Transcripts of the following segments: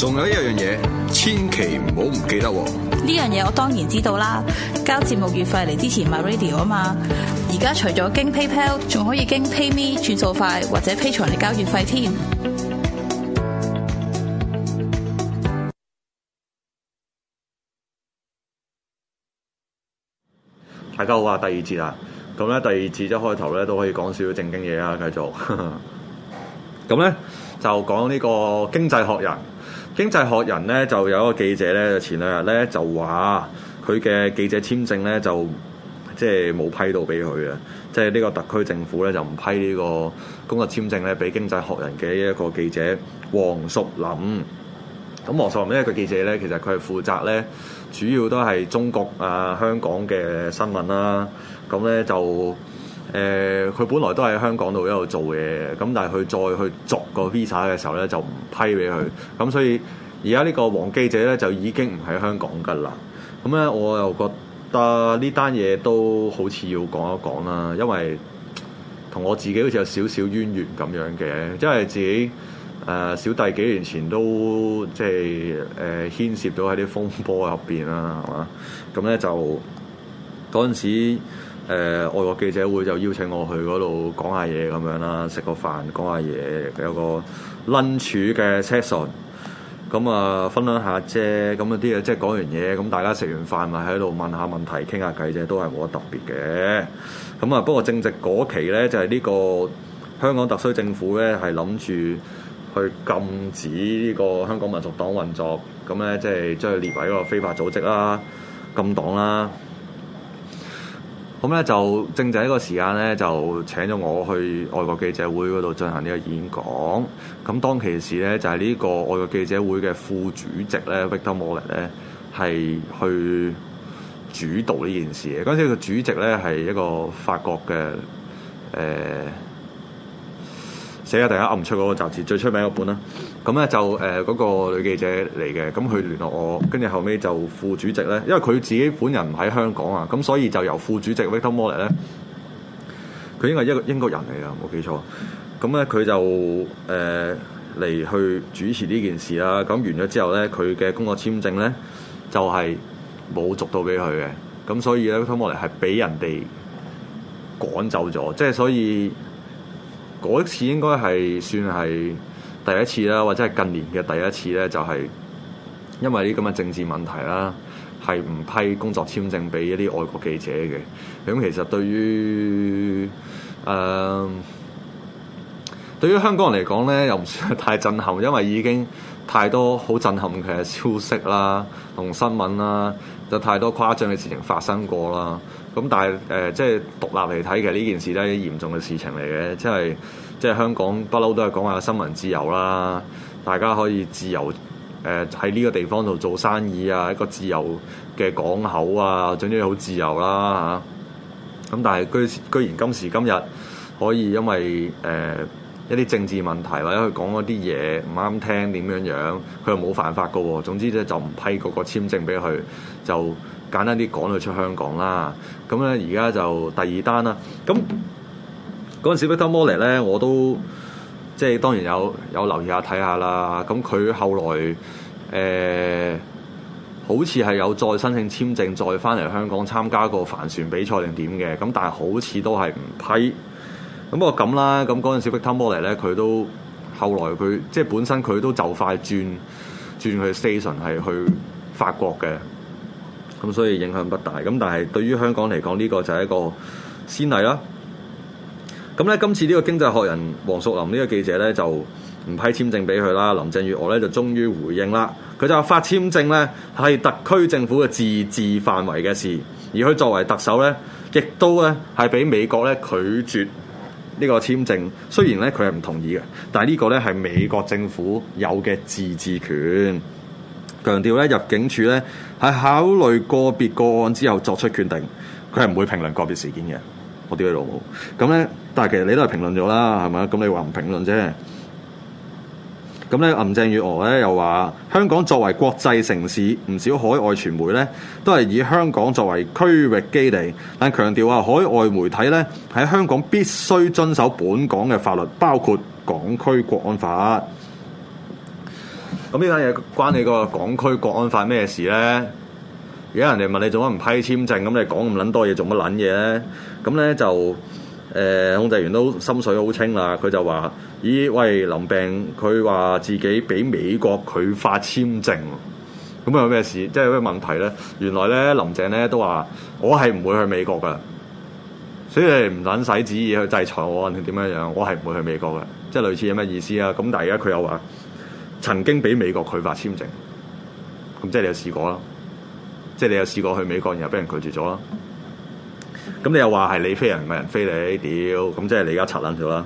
仲有一樣嘢，千祈唔好唔記得喎。呢樣嘢我當然知道啦。交節目月費嚟之前，MyRadio 啊嘛。而家除咗經 PayPal，仲可以經 PayMe、轉數快，或者 Patreon 嚟交月費添。大家好啊，第二節啊，咁咧第二節一開頭咧都可以講少少正經嘢啦。繼續咁咧 就講呢個經濟學人。經濟學人咧就有一個記者咧，前兩日咧就話佢嘅記者簽證咧就即係冇批到俾佢嘅，即係呢個特區政府咧就唔批呢個工作簽證咧俾經濟學人嘅一個記者黃淑林。咁黃淑林呢個記者咧，其實佢係負責咧主要都係中國啊香港嘅新聞啦。咁咧就。誒，佢、呃、本來都喺香港度一路做嘢，咁但係佢再去作個 visa 嘅時候咧，就唔批俾佢，咁所以而家呢個王記者咧就已經唔喺香港㗎啦。咁咧，我又覺得呢單嘢都好似要講一講啦，因為同我自己好似有少少淵源咁樣嘅，因為自己誒、呃、小弟幾年前都即係誒、呃、牽涉到喺啲風波入邊啦，係嘛？咁咧就嗰陣時。誒、呃，外國記者會就邀請我去嗰度講下嘢咁樣啦，食個飯講下嘢，有個 lunch 嘅 session，咁啊，分享下啫。咁啲嘢即係講完嘢，咁大家食完飯咪喺度問下問題，傾下偈啫，都係冇乜特別嘅。咁啊，不過正值嗰期咧，就係、是、呢個香港特區政府咧係諗住去禁止呢個香港民族黨運作，咁咧即係將佢列為一個非法組織啦、禁黨啦。咁咧就正就喺個時間咧，就請咗我去外國記者會嗰度進行呢個演講。咁當其時咧，就係、是、呢個外國記者會嘅副主席咧，Victor Mallet 咧係去主導呢件事嘅。嗰陣時嘅主席咧係一個法國嘅誒。呃寫下第一暗唔出嗰個雜誌最出名嗰本啦，咁、嗯、咧就誒嗰、呃那個女記者嚟嘅，咁佢聯絡我，跟住後尾就副主席咧，因為佢自己本人唔喺香港啊，咁、嗯、所以就由副主席 Victor Morley 咧，佢應該係一個英國人嚟啊，冇記錯，咁咧佢就誒嚟、呃、去主持呢件事啦，咁、嗯、完咗之後咧，佢嘅工作簽證咧就係、是、冇續到俾佢嘅，咁、嗯、所以咧，Morley 係俾人哋趕走咗，即、就、係、是、所以。嗰次應該係算係第一次啦，或者係近年嘅第一次咧，就係、是、因為啲咁嘅政治問題啦，係唔批工作簽證俾一啲外國記者嘅。咁其實對於誒。呃對於香港人嚟講咧，又唔算係太震撼，因為已經太多好震撼嘅消息啦，同新聞啦，有太多誇張嘅事情發生過啦。咁但係誒、呃，即係獨立嚟睇，其實呢件事都係嚴重嘅事情嚟嘅，即係即係香港不嬲都係講話新聞自由啦，大家可以自由誒喺呢個地方度做生意啊，一個自由嘅港口啊，總之好自由啦嚇。咁、啊、但係居居然今時今日可以因為誒。呃一啲政治問題或者佢講嗰啲嘢，唔啱聽點樣樣，佢又冇犯法噶喎。總之咧就唔批嗰個簽證俾佢，就簡單啲趕佢出香港啦。咁咧而家就第二單啦。咁嗰陣時，Buck Muller 咧我都即係當然有有留意下睇下啦。咁佢後來誒、呃、好似係有再申請簽證再翻嚟香港參加個帆船比賽定點嘅。咁但係好似都係唔批。咁不過咁啦，咁嗰陣時，Buckton Molly 咧，佢都後來佢即係本身佢都就快轉轉去 station 係去法國嘅，咁所以影響不大。咁但係對於香港嚟講，呢個就係一個先例啦。咁咧，今次呢個經濟學人黃淑林呢個記者咧就唔批簽證俾佢啦。林鄭月娥咧就終於回應啦，佢就話發簽證咧係特區政府嘅自治範圍嘅事，而佢作為特首咧，亦都咧係俾美國咧拒絕。呢個簽證雖然咧佢係唔同意嘅，但係呢個咧係美國政府有嘅自治權。強調咧入境處咧係考慮個別個案之後作出決定，佢係唔會評論個別事件嘅。我屌你老母咁咧，但係其實你都係評論咗啦，係咪啊？咁你話唔評論啫？咁咧，林鄭月娥咧又話：香港作為國際城市，唔少海外傳媒咧都係以香港作為區域基地。但強調啊，海外媒體咧喺香港必須遵守本港嘅法律，包括港區國安法。咁呢單嘢關你個港區國安法咩事咧？如果人哋問你做乜唔批簽證，咁你講咁撚多嘢做乜撚嘢咧？咁咧就。誒、呃、控制員都心水好清啦，佢就話：咦，喂，林病，佢話自己俾美國拒發簽證，咁有咩事？即係有咩問題咧？原來咧，林鄭咧都話：我係唔會去美國噶，所以你唔撚使旨意去制裁我，問佢點樣我係唔會去美國嘅，即係類似咁嘅意思啊。咁但係而家佢又話曾經俾美國拒發簽證，咁即係你有試過咯？即係你有試過去美國，然後俾人拒絕咗咯？咁你又話係你飛人唔係人飛你，屌！咁即係你而家拆撚咗啦。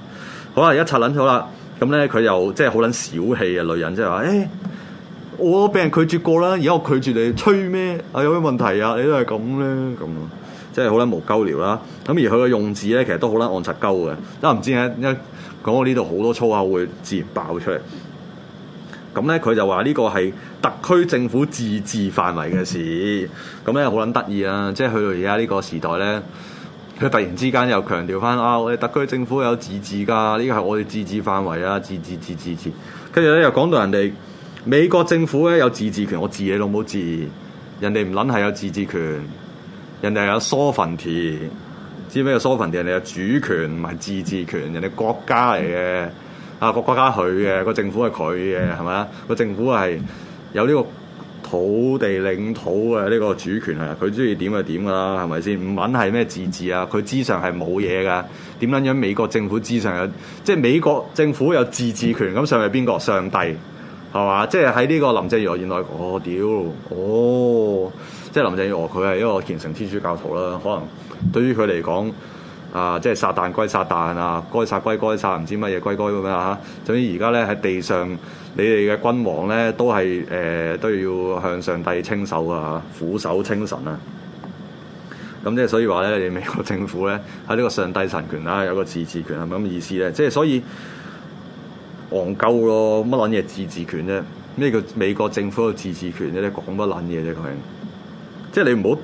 好啦，而家拆撚咗啦。咁咧佢又即係好撚小氣嘅女人即係話：，誒、欸，我都俾人拒絕過啦，而家我拒絕你，吹咩啊？有咩問題啊？你都係咁咧，咁即係好撚無鳩聊啦。咁而佢嘅用字咧，其實都好撚按察鳩嘅。因為都唔知點解，因為一講到呢度好多粗口會自然爆出嚟。咁咧，佢就話呢個係特區政府自治範圍嘅事。咁咧好撚得意啊！即係去到而家呢個時代咧，佢突然之間又強調翻啊，我哋特區政府有自治㗎，呢個係我哋自治範圍啊，自治、自治、治。跟住咧又講到人哋美國政府咧有自治權，我治你都冇治，人哋唔撚係有自治權，人哋有 sovereignty，知咩叫 sovereignty？人哋係主權唔係自治權，人哋國家嚟嘅。啊個國家佢嘅個政府係佢嘅係咪啊？個政府係有呢個土地領土嘅呢、呢個主權係，佢中意點就點噶啦，係咪先？唔揾係咩自治啊？佢之上係冇嘢噶。點撚樣美國政府之上有？即係美國政府有自治權咁，上係邊個？上帝係嘛？即係喺呢個林鄭月娥眼內，我、哦、屌、啊、哦！即係林鄭月娥佢係一個虔誠天主教徒啦，可能對於佢嚟講。啊！即係撒但歸撒但啊，該殺歸該殺，唔知乜嘢歸該咁樣嚇。總之而家咧喺地上，你哋嘅君王咧都係誒、呃、都要向上帝稱首啊，嚇，俯首稱臣啊！咁、嗯、即係所以話咧，你美國政府咧喺呢個上帝神權啊，有個自治權係咪咁嘅意思咧？即係所以戇鳩咯，乜撚嘢自治權啫？咩叫美國政府嘅自治權啫？你講乜撚嘢啫？佢，即係你唔好。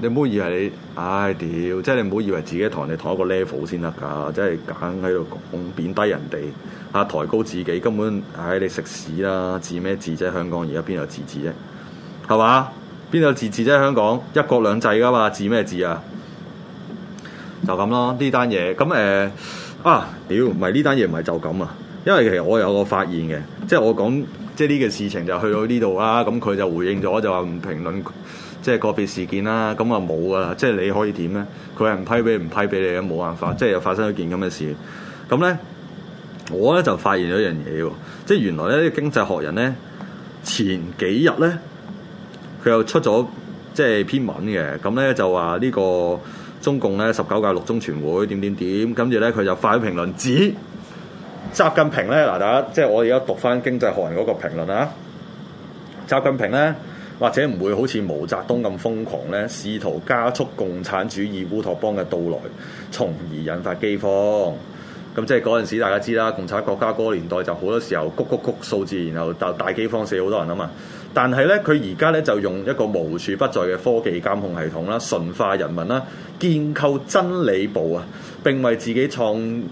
你唔好以為你，唉屌！即係你唔好以為自己同人哋同一個 level 先得㗎，即係揀喺度講貶低人哋，嚇，抬高自己。根本喺你食屎啦！治咩字啫？香港而家邊有自治啫？係嘛？邊有自治啫？香港一國兩制㗎嘛？治咩字、呃、啊？就咁咯，呢單嘢。咁誒啊屌！唔係呢單嘢唔係就咁啊，因為其實我有個發現嘅，即係我講即係呢個事情就去到呢度啦。咁、啊、佢、嗯、就回應咗，就話唔評論。即係個別事件啦，咁啊冇噶啦，即係你可以點咧？佢係唔批俾唔批俾你啊，冇辦法，即係又發生咗件咁嘅事。咁咧，我咧就發現咗一樣嘢喎，即係原來咧，經濟學人咧，前幾日咧，佢又出咗即係篇文嘅，咁咧就話呢個中共咧十九屆六中全會點點點，跟住咧佢就發咗評論指習近平咧。嗱，大家即係我而家讀翻經濟學人嗰個評論啊，習近平咧。或者唔會好似毛澤東咁瘋狂咧，試圖加速共產主義烏托邦嘅到來，從而引發饑荒。咁即係嗰陣時，大家知啦，共產國家嗰個年代就好多時候，谷谷谷數字，然後大大饑荒，死好多人啊嘛。但係咧，佢而家咧就用一個無處不在嘅科技監控系統啦，馴化人民啦，建構真理部啊，並為自己創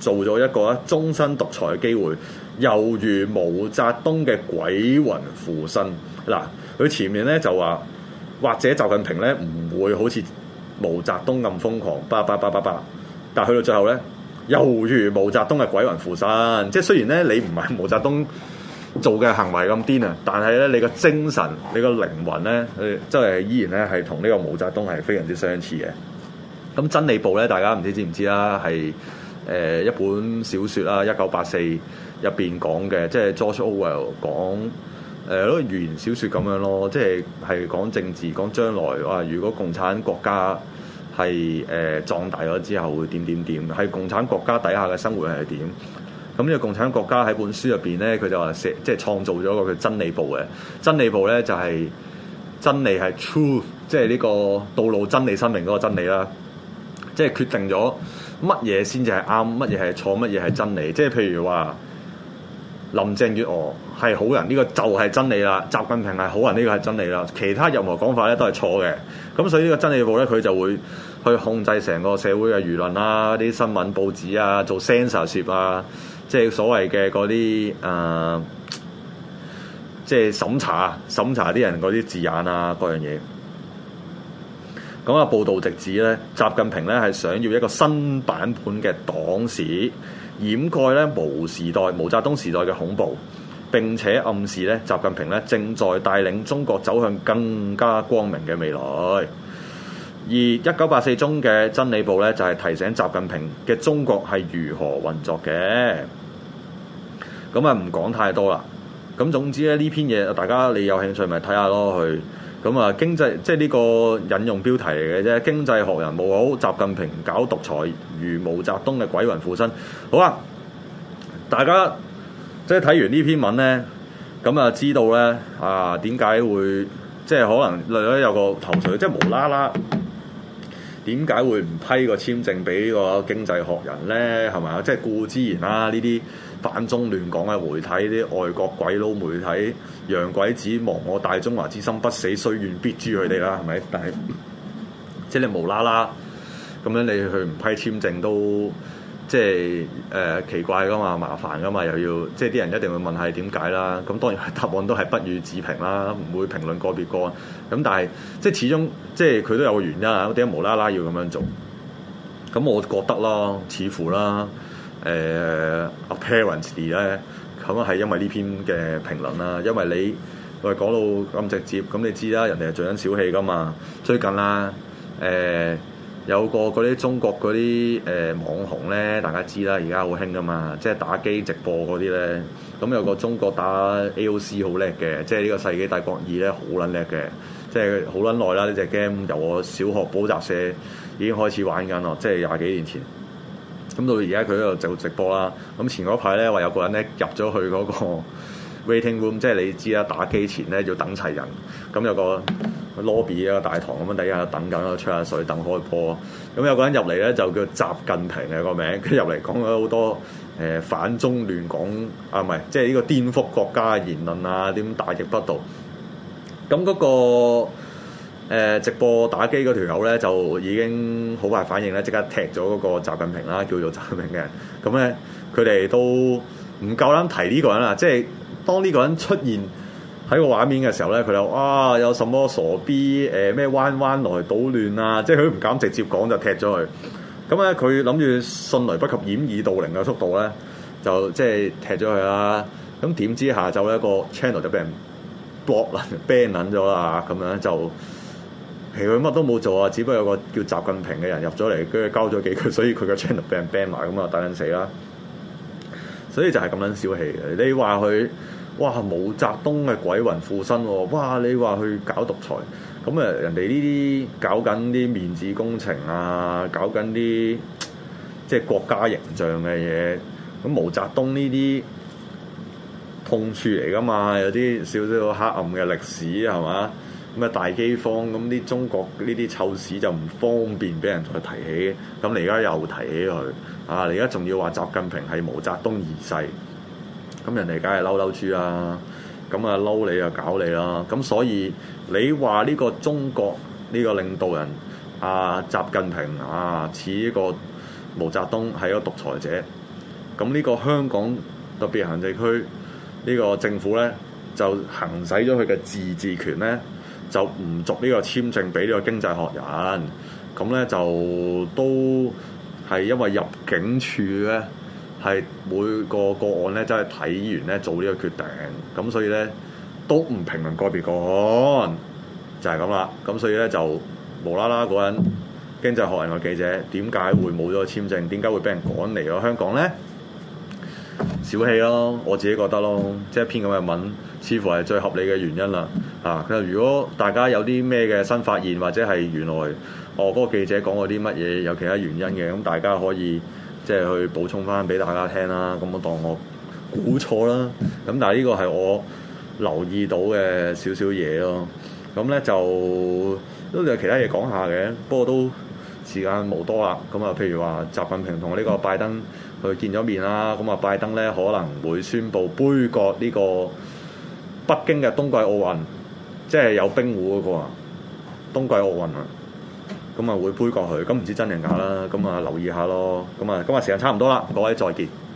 造咗一個啊終身獨裁嘅機會。猶如毛澤東嘅鬼魂附身，嗱佢前面咧就話，或者習近平咧唔會好似毛澤東咁瘋狂，叭叭叭叭叭。」但去到最後咧，猶如毛澤東嘅鬼魂附身，即係雖然咧你唔係毛澤東做嘅行為咁癲啊，但係咧你嘅精神、你嘅靈魂咧，即係依然咧係同呢個毛澤東係非常之相似嘅。咁《真理部》咧，大家唔知知唔知啦，係、呃、誒一本小説啦，《一九八四》。入邊講嘅，即係 George Orwell、講誒嗰個預言小說咁樣咯，即係係講政治，講將來哇！如果共產國家係誒、呃、壯大咗之後會點點點，喺共產國家底下嘅生活係點？咁呢個共產國家喺本書入邊咧，佢就話寫即係創造咗一個叫真理部嘅、就係真理部咧，就係真理係 truth，即係呢個道路真理生命嗰個真理啦，即係決定咗乜嘢先至係啱，乜嘢係錯，乜嘢係真理。即係譬如話。林鄭月娥係好人，呢個就係真理啦。習近平係好人，呢個係真理啦。其他任何講法咧都係錯嘅。咁所以呢個真理部咧，佢就會去控制成個社會嘅輿論啦、啲新聞報紙啊、做 censorship 啊，即係所謂嘅嗰啲誒，即係審查啊、審查啲人嗰啲字眼啊，各樣嘢。咁啊，報道直指咧，習近平咧係想要一個新版本嘅黨史。掩蓋咧毛時代、毛澤東時代嘅恐怖，並且暗示咧習近平咧正在帶領中國走向更加光明嘅未來。而一九八四中嘅真理報咧就係提醒習近平嘅中國係如何運作嘅。咁啊唔講太多啦。咁總之咧呢篇嘢，大家你有興趣咪睇下咯佢。咁啊，經濟即係呢個引用標題嚟嘅啫。經濟學人無好，習近平搞獨裁如毛澤東嘅鬼魂附身。好啊，大家即係睇完呢篇文咧，咁啊知道咧啊點解會即係可能略略有個頭緒，即係無啦啦。點解會唔批個簽證俾呢個經濟學人咧？係咪啊？即係顧之言啦，呢啲反中亂港嘅媒體，啲外國鬼佬媒體，洋鬼子，亡我大中華之心，不死，雖遠必誅佢哋啦，係咪？但係即係你無啦啦咁樣，你去唔批簽證都。即係誒、呃、奇怪噶嘛，麻煩噶嘛，又要即係啲人一定會問係點解啦。咁當然答案都係不予置評啦，唔會評論個別個案。咁但係即係始終即係佢都有個原因啊。點解無啦啦要咁樣做？咁我覺得咯，似乎啦，誒、呃、apparently 咧，咁係因為呢篇嘅評論啦，因為你我講到咁直接，咁你知啦，人哋係做緊小氣噶嘛，最近啦，誒、呃。有個嗰啲中國嗰啲誒網紅咧，大家知啦，而家好興㗎嘛，即係打機直播嗰啲咧。咁有個中國打 AOC 好叻嘅，即係呢個世紀帝國二咧，好撚叻嘅。即係好撚耐啦，呢隻 game 由我小學補習社已經開始玩緊咯，即係廿幾年前。咁到而家佢喺度做直播啦。咁前嗰排咧，話有個人咧入咗去嗰、嗰個。waiting room 即係你知啦，打機前咧要等齊人，咁有個，個 lobby 一個大堂咁樣，大家等緊，吹下水，等開波。咁有個人入嚟咧，就叫習近平啊個名，佢入嚟講咗好多誒、呃、反中亂港啊，唔係即係呢個顛覆國家嘅言論啊，咁大逆不道。咁嗰、嗰個、呃、直播打機嗰條友咧，就已經好快反應咧，即刻踢咗嗰個習近平啦，叫做習近平嘅。咁咧佢哋都唔夠膽提呢個人啊，即係。當呢個人出現喺個畫面嘅時候咧，佢就啊有什麼傻逼？誒、呃、咩彎彎來搗亂啊！即係佢唔敢直接講，就踢咗佢。咁咧佢諗住迅雷不及掩耳盜鈴嘅速度咧，就即係踢咗佢啦。咁點知下晝一個 channel 就俾人 block 啦，ban 撚咗啦，咁樣就其實乜都冇做啊，只不過有個叫習近平嘅人入咗嚟，跟住交咗幾句，所以佢個 channel 俾人 ban 埋，咁啊等緊死啦。所以就係咁撚小氣嘅，你話佢？哇！毛澤東嘅鬼魂附身喎、啊！哇！你話去搞獨裁，咁誒人哋呢啲搞緊啲面子工程啊，搞緊啲即係國家形象嘅嘢，咁毛澤東呢啲痛處嚟㗎嘛，有啲少少黑暗嘅歷史係嘛？咁啊大饑荒，咁啲中國呢啲臭屎就唔方便俾人再提起，咁你而家又提起佢啊？你而家仲要話習近平係毛澤東二世？咁人哋梗係嬲嬲豬啊，咁啊嬲你啊搞你啦，咁所以你話呢個中國呢個領導人啊習近平啊似呢個毛澤東係一個獨裁者，咁呢個香港特別行政區呢個政府呢，就行使咗佢嘅自治權呢，就唔續呢個簽證俾呢個經濟學人，咁呢就都係因為入境處呢。係每個個案咧，真係睇完咧做呢個決定，咁所以咧都唔評論個別個案，就係咁啦。咁所以咧就無啦啦嗰個人經濟學人嘅記者點解會冇咗個簽證？點解會俾人趕嚟咗香港咧？小氣咯，我自己覺得咯，即係一篇咁嘅文，似乎係最合理嘅原因啦。啊，咁如果大家有啲咩嘅新發現，或者係原來哦嗰、那個記者講過啲乜嘢有其他原因嘅，咁大家可以。即係去補充翻俾大家聽啦，咁我當我估錯啦，咁但係呢個係我留意到嘅少少嘢咯。咁咧就都有其他嘢講下嘅，不過都時間冇多啦。咁啊，譬如話習近平同呢個拜登去見咗面啦，咁啊拜登咧可能會宣布杯葛呢個北京嘅冬季奧運，即係有冰壺嗰個啊，冬季奧運啊！咁啊，會背過去，咁唔知道真定假啦，咁啊留意一下咯，咁啊，今日時間差唔多啦，各位再見。